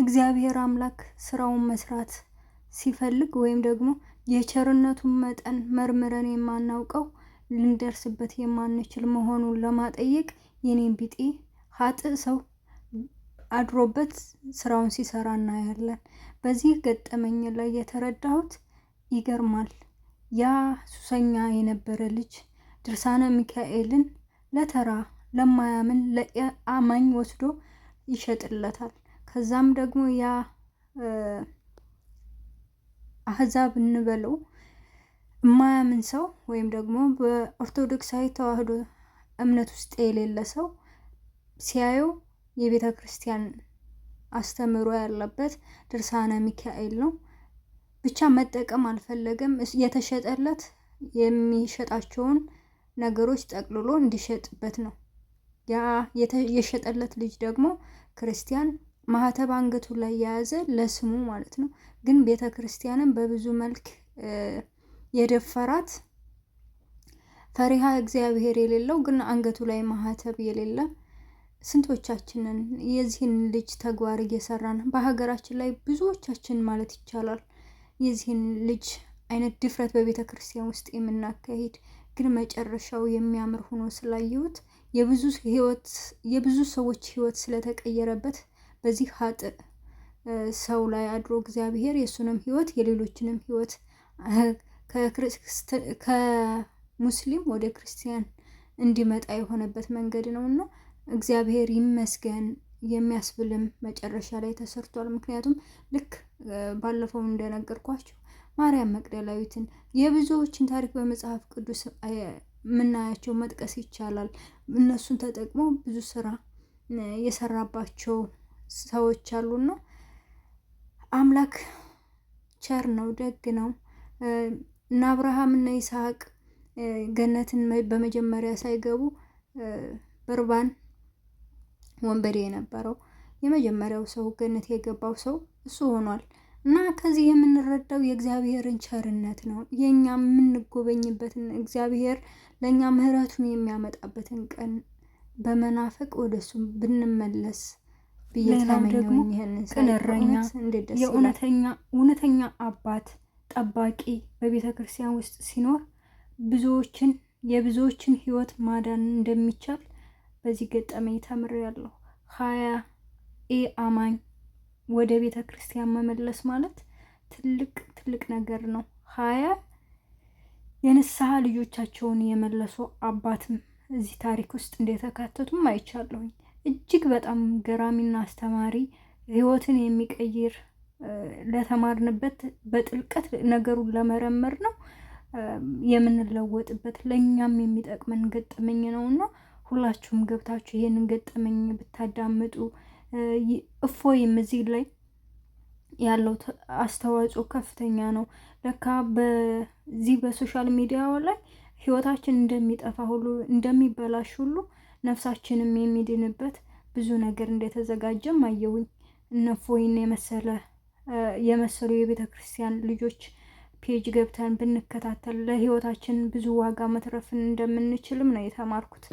እግዚአብሔር አምላክ ስራውን መስራት ሲፈልግ ወይም ደግሞ የቸርነቱን መጠን መርምረን የማናውቀው ልንደርስበት የማንችል መሆኑን ለማጠየቅ የኔን ቢጤ ሀጥ ሰው አድሮበት ስራውን ሲሰራ እናያለን። በዚህ ገጠመኝ ላይ የተረዳሁት ይገርማል። ያ ሱሰኛ የነበረ ልጅ ድርሳነ ሚካኤልን ለተራ ለማያምን ለአማኝ ወስዶ ይሸጥለታል። ከዛም ደግሞ ያ አህዛብ እንበለው የማያምን ሰው ወይም ደግሞ በኦርቶዶክሳዊ ተዋህዶ እምነት ውስጥ የሌለ ሰው ሲያየው የቤተ ክርስቲያን አስተምሮ ያለበት ድርሳነ ሚካኤል ነው። ብቻ መጠቀም አልፈለገም። የተሸጠለት የሚሸጣቸውን ነገሮች ጠቅልሎ እንዲሸጥበት ነው። ያ የሸጠለት ልጅ ደግሞ ክርስቲያን ማህተብ አንገቱ ላይ የያዘ ለስሙ ማለት ነው። ግን ቤተ ክርስቲያንን በብዙ መልክ የደፈራት ፈሪሃ እግዚአብሔር የሌለው ግን አንገቱ ላይ ማህተብ የሌለ ስንቶቻችንን የዚህን ልጅ ተግባር እየሰራን በሀገራችን ላይ ብዙዎቻችን ማለት ይቻላል የዚህን ልጅ አይነት ድፍረት በቤተ ክርስቲያን ውስጥ የምናካሄድ ግን መጨረሻው የሚያምር ሆኖ ስላየሁት የብዙ ህይወት የብዙ ሰዎች ህይወት ስለተቀየረበት በዚህ ሀጥ ሰው ላይ አድሮ እግዚአብሔር የእሱንም ህይወት የሌሎችንም ህይወት ከሙስሊም ወደ ክርስቲያን እንዲመጣ የሆነበት መንገድ ነው እና እግዚአብሔር ይመስገን የሚያስብልም መጨረሻ ላይ ተሰርቷል። ምክንያቱም ልክ ባለፈው እንደነገርኳቸው ማርያም መቅደላዊትን የብዙዎችን ታሪክ በመጽሐፍ ቅዱስ የምናያቸው መጥቀስ ይቻላል። እነሱን ተጠቅሞ ብዙ ስራ የሰራባቸው ሰዎች አሉና አምላክ ቸር ነው፣ ደግ ነው። እነ አብርሃም እነ ይስሐቅ ገነትን በመጀመሪያ ሳይገቡ በርባን ወንበዴ የነበረው የመጀመሪያው ሰው ገነት የገባው ሰው እሱ ሆኗል። እና ከዚህ የምንረዳው የእግዚአብሔርን ቸርነት ነው። የእኛ የምንጎበኝበትን እግዚአብሔር ለእኛ ምሕረቱን የሚያመጣበትን ቀን በመናፈቅ ወደሱ ብንመለስ ሌላው ደግሞ ቅንረኛ የእውነተኛ እውነተኛ አባት ጠባቂ በቤተ ክርስቲያን ውስጥ ሲኖር ብዙዎችን የብዙዎችን ህይወት ማዳን እንደሚቻል በዚህ ገጠመኝ ተምሬያለሁ። ሀያ ኤ አማኝ ወደ ቤተ ክርስቲያን መመለስ ማለት ትልቅ ትልቅ ነገር ነው። ሀያ የንስሐ ልጆቻቸውን የመለሱ አባትም እዚህ ታሪክ ውስጥ እንደተካተቱም አይቻለሁኝ። እጅግ በጣም ገራሚና አስተማሪ ህይወትን የሚቀይር ለተማርንበት በጥልቀት ነገሩን ለመረመር ነው የምንለወጥበት ለእኛም የሚጠቅመን ገጠመኝ ነው እና ሁላችሁም ገብታችሁ ይሄንን ገጠመኝ ብታዳምጡ እፎይም እዚህ ላይ ያለው አስተዋጽኦ ከፍተኛ ነው። ለካ በዚህ በሶሻል ሚዲያው ላይ ህይወታችን እንደሚጠፋ ሁሉ እንደሚበላሽ ሁሉ ነፍሳችንም የሚድንበት ብዙ ነገር እንደተዘጋጀም አየሁኝ። እነፎይን የመሰለ የመሰሉ የቤተ ክርስቲያን ልጆች ፔጅ ገብተን ብንከታተል ለህይወታችን ብዙ ዋጋ መትረፍን እንደምንችልም ነው የተማርኩት።